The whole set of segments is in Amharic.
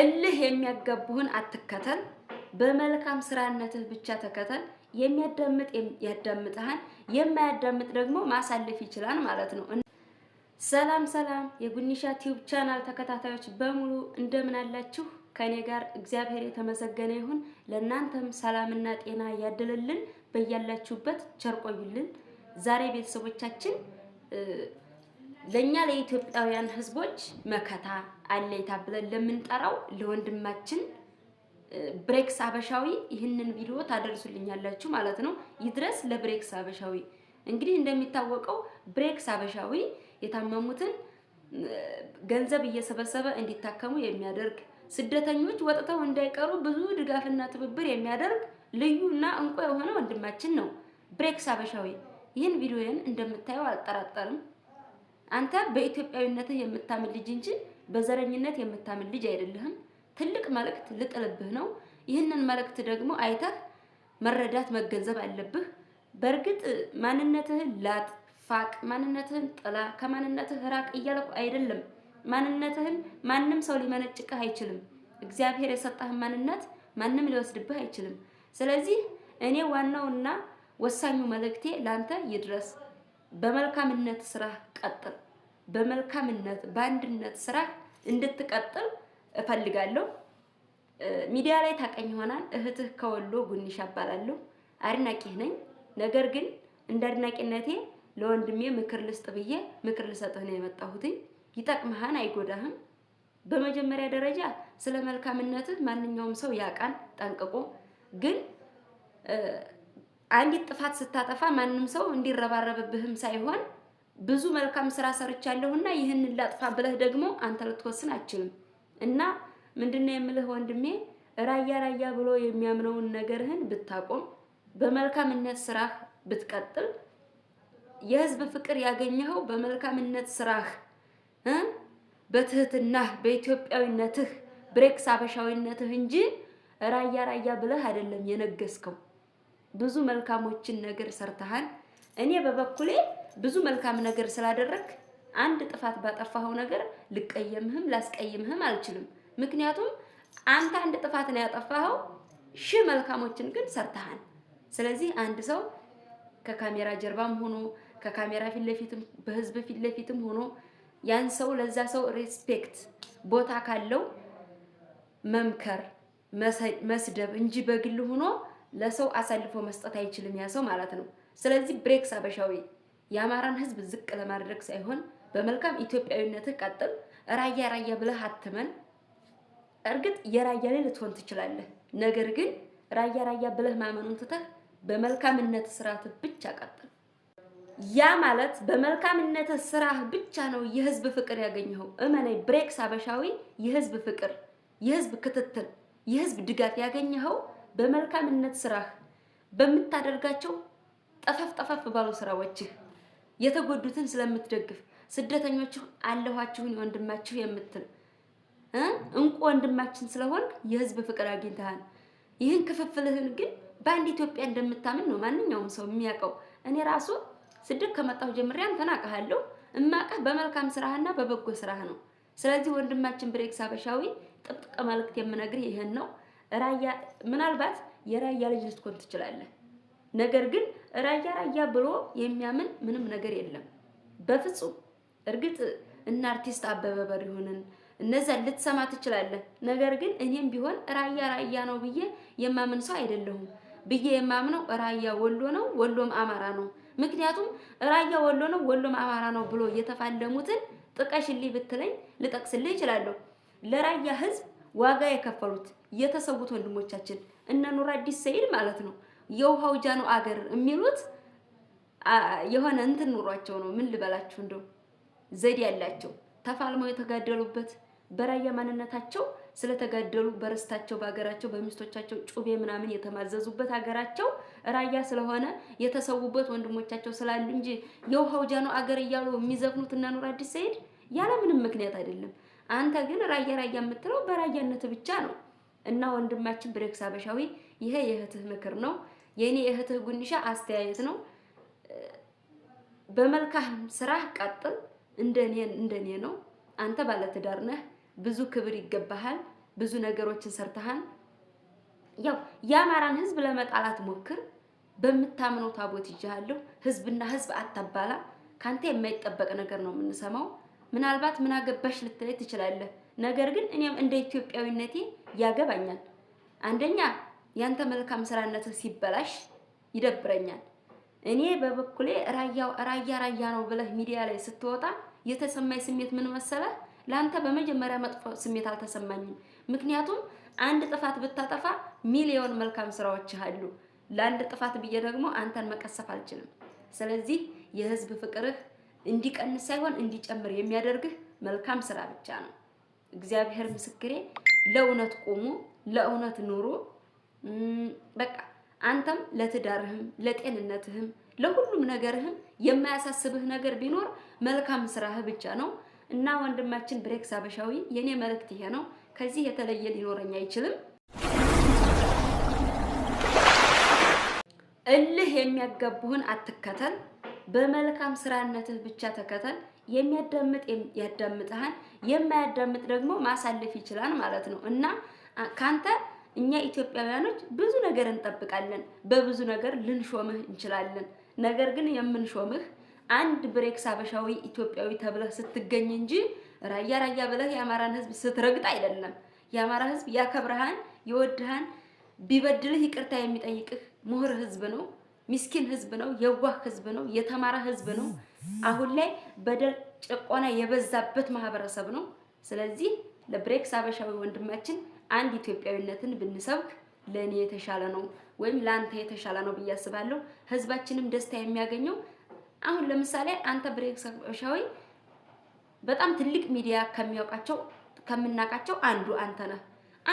እልህ የሚያጋቡህን አትከተል፣ በመልካም ስራነትህ ብቻ ተከተል። የሚያዳምጥ ያዳምጥህን፣ የማያዳምጥ ደግሞ ማሳለፍ ይችላል ማለት ነው። ሰላም ሰላም፣ የጉኒሻ ቲዩብ ቻናል ተከታታዮች በሙሉ እንደምን አላችሁ? ከእኔ ጋር እግዚአብሔር የተመሰገነ ይሁን። ለእናንተም ሰላምና ጤና ያድልልን፣ በያላችሁበት ቸርቆዩልን። ዛሬ ቤተሰቦቻችን ለእኛ ለኢትዮጵያውያን ህዝቦች መከታ አለይታ ብለን ለምንጠራው ለወንድማችን ብሬክስ አበሻዊ ይህንን ቪዲዮ ታደርሱልኛላችሁ ማለት ነው። ይድረስ ለብሬክስ አበሻዊ። እንግዲህ እንደሚታወቀው ብሬክስ አበሻዊ የታመሙትን ገንዘብ እየሰበሰበ እንዲታከሙ የሚያደርግ ስደተኞች ወጥተው እንዳይቀሩ ብዙ ድጋፍና ትብብር የሚያደርግ ልዩ እና እንቁ የሆነ ወንድማችን ነው ብሬክስ አበሻዊ። ይህን ቪዲዮን እንደምታየው አልጠራጠርም። አንተ በኢትዮጵያዊነትህ የምታምን ልጅ እንጂ በዘረኝነት የምታምን ልጅ አይደለህም። ትልቅ መልእክት ልጥልብህ ነው። ይህንን መልእክት ደግሞ አይተህ መረዳት መገንዘብ አለብህ። በእርግጥ ማንነትህን ላጥ ፋቅ፣ ማንነትህን ጥላ፣ ከማንነትህ ራቅ እያልኩ አይደለም። ማንነትህን ማንም ሰው ሊመነጭቅህ አይችልም። እግዚአብሔር የሰጠህን ማንነት ማንም ሊወስድብህ አይችልም። ስለዚህ እኔ ዋናውና ወሳኙ መልእክቴ ላንተ ይድረስ። በመልካምነት ስራህ ቀጥል። በመልካምነት በአንድነት ስራ እንድትቀጥል እፈልጋለሁ። ሚዲያ ላይ ታቀኝ ይሆናል። እህትህ ከወሎ ጉንሽ አባላለሁ፣ አድናቂህ ነኝ። ነገር ግን እንደ አድናቂነቴ ለወንድሜ ምክር ልስጥ ብዬ ምክር ልሰጥህ ነው የመጣሁትኝ። ይጠቅምህን አይጎዳህም። በመጀመሪያ ደረጃ ስለ መልካምነትህ ማንኛውም ሰው ያውቃል ጠንቅቆ። ግን አንዲት ጥፋት ስታጠፋ ማንም ሰው እንዲረባረብብህም ሳይሆን ብዙ መልካም ስራ ሰርቻለሁና እና ይህንን ላጥፋ ብለህ ደግሞ አንተ ልትወስን አችልም። እና ምንድነው የምልህ ወንድሜ ራያ ራያ ብሎ የሚያምነውን ነገርህን ብታቆም፣ በመልካምነት ስራህ ብትቀጥል፣ የህዝብ ፍቅር ያገኘኸው በመልካምነት ስራህ እ በትህትናህ በኢትዮጵያዊነትህ ብሬክስ አበሻዊነትህ እንጂ ራያ ራያ ብለህ አይደለም የነገስከው። ብዙ መልካሞችን ነገር ሰርተሃል። እኔ በበኩሌ ብዙ መልካም ነገር ስላደረግ አንድ ጥፋት ባጠፋኸው ነገር ልቀየምህም ላስቀይምህም አልችልም። ምክንያቱም አንተ አንድ ጥፋት ነው ያጠፋኸው፣ ሺህ መልካሞችን ግን ሰርተሃል። ስለዚህ አንድ ሰው ከካሜራ ጀርባም ሆኖ ከካሜራ ፊት ለፊትም በህዝብ ፊት ለፊትም ሆኖ ያን ሰው ለዛ ሰው ሬስፔክት ቦታ ካለው መምከር መስደብ እንጂ በግል ሆኖ ለሰው አሳልፎ መስጠት አይችልም ያ ሰው ማለት ነው። ስለዚህ ብሬክስ አበሻዊ የአማራን ህዝብ ዝቅ ለማድረግ ሳይሆን በመልካም ኢትዮጵያዊነትህ ቀጥል። ራያ ራያ ብለህ አትመን። እርግጥ የራያ ላይ ልትሆን ትችላለህ። ነገር ግን ራያ ራያ ብለህ ማመኑን ትተህ በመልካምነት ስራትህ ብቻ ቀጥል። ያ ማለት በመልካምነት ስራህ ብቻ ነው የህዝብ ፍቅር ያገኘኸው። እመናይ ብሬክስ አበሻዊ የህዝብ ፍቅር፣ የህዝብ ክትትል፣ የህዝብ ድጋፍ ያገኘኸው በመልካምነት ስራህ በምታደርጋቸው ጠፈፍ ጠፈፍ ባሉ ስራዎችህ የተጎዱትን ስለምትደግፍ ስደተኞችሁ አለኋችሁን ወንድማችሁ የምትል እንቁ ወንድማችን ስለሆን የህዝብ ፍቅር አግኝተሃል። ይህን ክፍፍልህን ግን በአንድ ኢትዮጵያ እንደምታምን ነው ማንኛውም ሰው የሚያውቀው። እኔ ራሱ ስደት ከመጣሁ ጀምሬ አንተን አውቅሃለሁ። እማውቅህ በመልካም ስራህና በበጎ ስራህ ነው። ስለዚህ ወንድማችን ብሬክስ ሀበሻዊ ጥብቅ መልዕክት የምነግርህ ይህን ነው። ራያ ምናልባት የራያ ልጅ ልትኮን ትችላለህ። ነገር ግን ራያ ራያ ብሎ የሚያምን ምንም ነገር የለም በፍጹም። እርግጥ እነ አርቲስት አበበ በሪሁንን እነዛ ልትሰማ ትችላለህ። ነገር ግን እኔም ቢሆን ራያ ራያ ነው ብዬ የማምን ሰው አይደለሁም ብዬ የማምነው ራያ ወሎ ነው፣ ወሎም አማራ ነው። ምክንያቱም ራያ ወሎ ነው፣ ወሎም አማራ ነው ብሎ የተፋለሙትን ጥቀሽልኝ ብትለኝ ልጠቅስልህ እችላለሁ። ለራያ ህዝብ ዋጋ የከፈሉት የተሰዉት ወንድሞቻችን እነ ኑር አዲስ ሰይድ ማለት ነው የውሃው ጃኑ አገር የሚሉት የሆነ እንትን ኑሯቸው ነው። ምን ልበላችሁ እንደው ዘዴ ያላቸው ተፋልመው የተጋደሉበት በራያ ማንነታቸው ስለተጋደሉ በርስታቸው፣ በሀገራቸው፣ በሚስቶቻቸው ጩቤ ምናምን የተማዘዙበት ሀገራቸው ራያ ስለሆነ የተሰዉበት ወንድሞቻቸው ስላሉ እንጂ የውሃው ጃኑ አገር እያሉ የሚዘፍኑት እና ኑር አዲስ ሰይድ ያለ ምንም ምክንያት አይደለም። አንተ ግን ራያ ራያ የምትለው በራያነት ብቻ ነው እና ወንድማችን ብሬክስ አበሻዊ ይሄ የእህትህ ምክር ነው። የእኔ እህትህ ጉንሻ አስተያየት ነው። በመልካም ስራህ ቀጥል። እንደኔ እንደኔ ነው። አንተ ባለትዳር ነህ። ብዙ ክብር ይገባሃል። ብዙ ነገሮችን ሰርተሃል። ያው የአማራን ህዝብ ለመጣላት ሞክር። በምታምነው ታቦት ይጃለሁ። ህዝብና ህዝብ አታባላ። ካንተ የማይጠበቅ ነገር ነው የምንሰማው። ምናልባት ምን አገባሽ ልትለይ ትችላለህ። ነገር ግን እኔም እንደ ኢትዮጵያዊነቴ ያገባኛል አንደኛ ያንተ መልካም ስራነት ሲበላሽ ይደብረኛል። እኔ በበኩሌ ራያ ራያ ራያ ነው ብለህ ሚዲያ ላይ ስትወጣ የተሰማኝ ስሜት ምን መሰለህ? ለአንተ በመጀመሪያ መጥፎ ስሜት አልተሰማኝም። ምክንያቱም አንድ ጥፋት ብታጠፋ ሚሊዮን መልካም ስራዎች አሉ። ለአንድ ጥፋት ብዬ ደግሞ አንተን መቀሰፍ አልችልም። ስለዚህ የህዝብ ፍቅርህ እንዲቀንስ ሳይሆን እንዲጨምር የሚያደርግህ መልካም ስራ ብቻ ነው። እግዚአብሔር ምስክሬ። ለእውነት ቁሙ፣ ለእውነት ኑሩ። በቃ አንተም ለትዳርህም ለጤንነትህም ለሁሉም ነገርህም የማያሳስብህ ነገር ቢኖር መልካም ስራህ ብቻ ነው እና ወንድማችን ብሬክስ አበሻዊ የኔ መልእክት ይሄ ነው። ከዚህ የተለየ ሊኖረኝ አይችልም። እልህ የሚያጋቡህን አትከተል። በመልካም ስራነትህ ብቻ ተከተል። የሚያዳምጥ ያዳምጥሃን፣ የማያዳምጥ ደግሞ ማሳለፍ ይችላል ማለት ነው እና ካንተ እኛ ኢትዮጵያውያኖች ብዙ ነገር እንጠብቃለን፣ በብዙ ነገር ልንሾምህ እንችላለን። ነገር ግን የምንሾምህ አንድ ብሬክስ አበሻዊ ኢትዮጵያዊ ተብለህ ስትገኝ እንጂ ራያ ራያ ብለህ የአማራን ሕዝብ ስትረግጥ አይደለም። የአማራ ሕዝብ ያከብረሃን፣ ይወድሃን። ቢበድልህ ይቅርታ የሚጠይቅህ ምሁር ሕዝብ ነው። ሚስኪን ሕዝብ ነው። የዋህ ሕዝብ ነው። የተማረ ሕዝብ ነው። አሁን ላይ በደል ጭቆና የበዛበት ማህበረሰብ ነው። ስለዚህ ለብሬክስ አበሻዊ ወንድማችን አንድ ኢትዮጵያዊነትን ብንሰብክ ለእኔ የተሻለ ነው ወይም ለአንተ የተሻለ ነው ብዬ አስባለሁ። ህዝባችንም ደስታ የሚያገኘው አሁን ለምሳሌ አንተ ብሬክ በጣም ትልቅ ሚዲያ ከሚያውቃቸው ከምናውቃቸው አንዱ አንተ ነህ።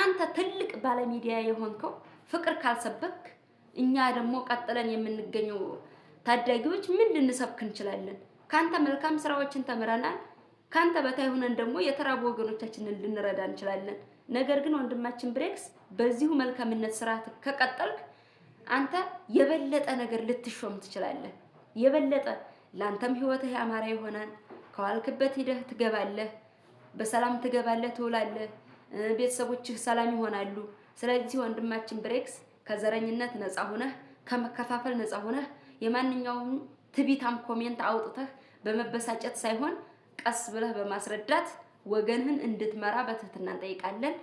አንተ ትልቅ ባለ ሚዲያ የሆንከው ፍቅር ካልሰበክ እኛ ደግሞ ቀጥለን የምንገኘው ታዳጊዎች ምን ልንሰብክ እንችላለን? ከአንተ መልካም ስራዎችን ተምረናል። ከአንተ በታይ ሆነን ደግሞ የተራቡ ወገኖቻችንን ልንረዳ እንችላለን። ነገር ግን ወንድማችን ብሬክስ በዚሁ መልካምነት ስርዓት ከቀጠልክ አንተ የበለጠ ነገር ልትሾም ትችላለህ። የበለጠ ለአንተም ህይወትህ ያማረ ይሆናል። ከዋልክበት ሂደህ ትገባለህ፣ በሰላም ትገባለህ፣ ትውላለህ። ቤተሰቦችህ ሰላም ይሆናሉ። ስለዚህ ወንድማችን ብሬክስ ከዘረኝነት ነፃ ሆነህ ከመከፋፈል ነፃ ሆነህ የማንኛውም ትቢታም ኮሜንት አውጥተህ በመበሳጨት ሳይሆን ቀስ ብለህ በማስረዳት ወገንህን እንድትመራ በትህትና እንጠይቃለን።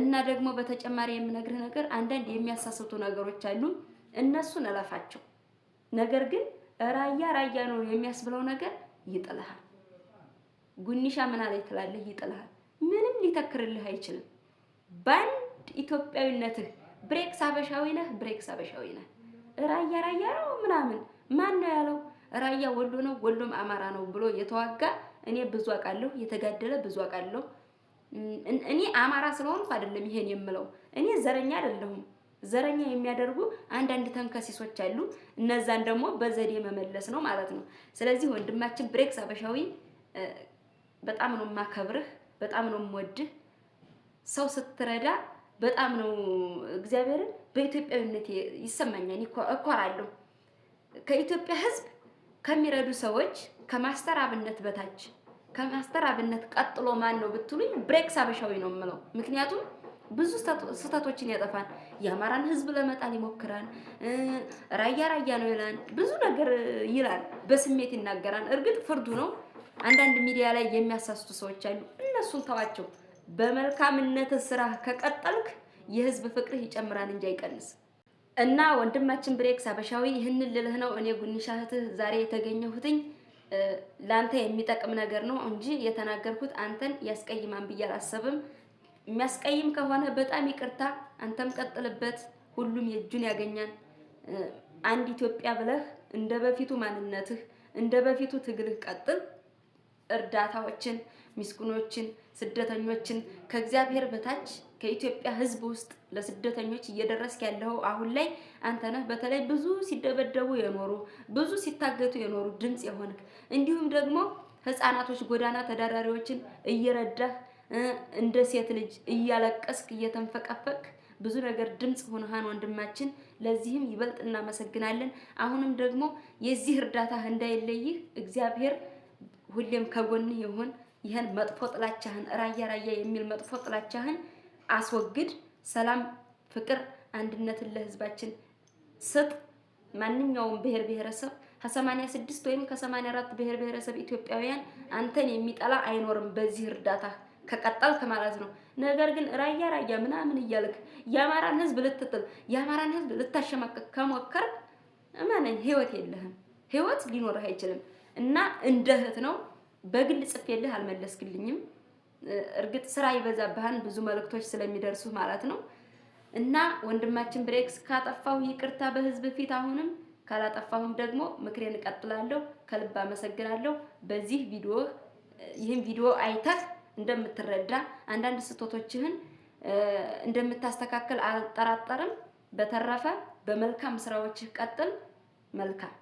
እና ደግሞ በተጨማሪ የምነግርህ ነገር አንዳንድ የሚያሳስቱ ነገሮች አሉ። እነሱን እለፋቸው። ነገር ግን ራያ ራያ ነው የሚያስብለው ነገር ይጥልሃል። ጉኒሻ ምን አለ ትላለህ? ይጥልሃል። ምንም ሊተክርልህ አይችልም። በአንድ ኢትዮጵያዊነትህ ብሬክስ አበሻዊ ነህ፣ ብሬክስ አበሻዊ ነህ። ራያ ራያ ነው ምናምን ማን ነው ያለው? ራያ ወሎ ነው፣ ወሎም አማራ ነው ብሎ የተዋጋ እኔ ብዙ አውቃለሁ። የተጋደለ ብዙ አውቃለሁ። እኔ አማራ ስለሆንኩ አይደለም ይሄን የምለው። እኔ ዘረኛ አይደለሁም። ዘረኛ የሚያደርጉ አንዳንድ ተንከሲሶች አሉ። እነዛን ደግሞ በዘዴ መመለስ ነው ማለት ነው። ስለዚህ ወንድማችን ብሬክስ አበሻዊ በጣም ነው የማከብርህ፣ በጣም ነው የምወድህ። ሰው ስትረዳ በጣም ነው እግዚአብሔርን በኢትዮጵያዊነት ይሰማኛል፣ እኮራለሁ ከኢትዮጵያ ሕዝብ ከሚረዱ ሰዎች ከማስተር አብነት በታች ከማስተር አብነት ቀጥሎ ማን ነው ብትሉኝ፣ ብሬክስ አበሻዊ ነው የምለው። ምክንያቱም ብዙ ስህተቶችን ያጠፋል። የአማራን ህዝብ ለመጣል ይሞክራል። ራያ ራያ ነው ይላል፣ ብዙ ነገር ይላል፣ በስሜት ይናገራል። እርግጥ ፍርዱ ነው። አንዳንድ ሚዲያ ላይ የሚያሳስቱ ሰዎች አሉ። እነሱን ተዋቸው። በመልካምነት ስራ ከቀጠልክ የህዝብ ፍቅርህ ይጨምራል እንጂ ይቀንስ? እና ወንድማችን ብሬክስ ሀበሻዊ ይህንን ልልህ ነው። እኔ ጉንሻ እህትህ ዛሬ የተገኘሁትኝ ለአንተ የሚጠቅም ነገር ነው እንጂ የተናገርኩት አንተን ያስቀይማን ብዬ አላሰብም። የሚያስቀይም ከሆነ በጣም ይቅርታ፣ አንተም ቀጥልበት፣ ሁሉም የእጁን ያገኛል። አንድ ኢትዮጵያ ብለህ እንደ በፊቱ ማንነትህ እንደ በፊቱ ትግልህ ቀጥል። እርዳታዎችን፣ ሚስኩኖችን ስደተኞችን ከእግዚአብሔር በታች ከኢትዮጵያ ሕዝብ ውስጥ ለስደተኞች እየደረስክ ያለው አሁን ላይ አንተ ነህ። በተለይ ብዙ ሲደበደቡ የኖሩ ብዙ ሲታገቱ የኖሩ ድምፅ የሆንክ እንዲሁም ደግሞ ህፃናቶች ጎዳና ተዳዳሪዎችን እየረዳህ እንደ ሴት ልጅ እያለቀስክ እየተንፈቀፈቅ ብዙ ነገር ድምፅ ሆነሃን ወንድማችን፣ ለዚህም ይበልጥ እናመሰግናለን። አሁንም ደግሞ የዚህ እርዳታህ እንዳይለይህ እግዚአብሔር ሁሌም ከጎንህ ይሁን። ይህን መጥፎ ጥላቻህን ራያ ራያ የሚል መጥፎ ጥላቻህን አስወግድ። ሰላም፣ ፍቅር፣ አንድነትን ለህዝባችን ስጥ። ማንኛውም ብሔር ብሔረሰብ ከሰማንያ ስድስት ወይም ከሰማንያ አራት ብሔር ብሔረሰብ ኢትዮጵያውያን አንተን የሚጠላ አይኖርም። በዚህ እርዳታ ከቀጠል ከማለት ነው። ነገር ግን ራያ ራያ ምናምን እያልክ የአማራን ህዝብ ልትጥል የአማራን ህዝብ ልታሸማቀቅ ከሞከር እመነኝ ህይወት የለህም፣ ህይወት ሊኖርህ አይችልም። እና እንደ እህት ነው በግል ጽፌልህ አልመለስክልኝም። እርግጥ ስራ ይበዛብሃል ብዙ መልእክቶች ስለሚደርሱ ማለት ነው። እና ወንድማችን ብሬክስ ካጠፋሁ ይቅርታ በህዝብ ፊት አሁንም ካላጠፋሁም ደግሞ ምክሬን እቀጥላለሁ። ከልብ አመሰግናለሁ። በዚህ ቪዲዮ ይህን ቪዲዮ አይተህ እንደምትረዳ አንዳንድ ስህተቶችህን እንደምታስተካከል አልጠራጠርም። በተረፈ በመልካም ስራዎችህ ቀጥል። መልካም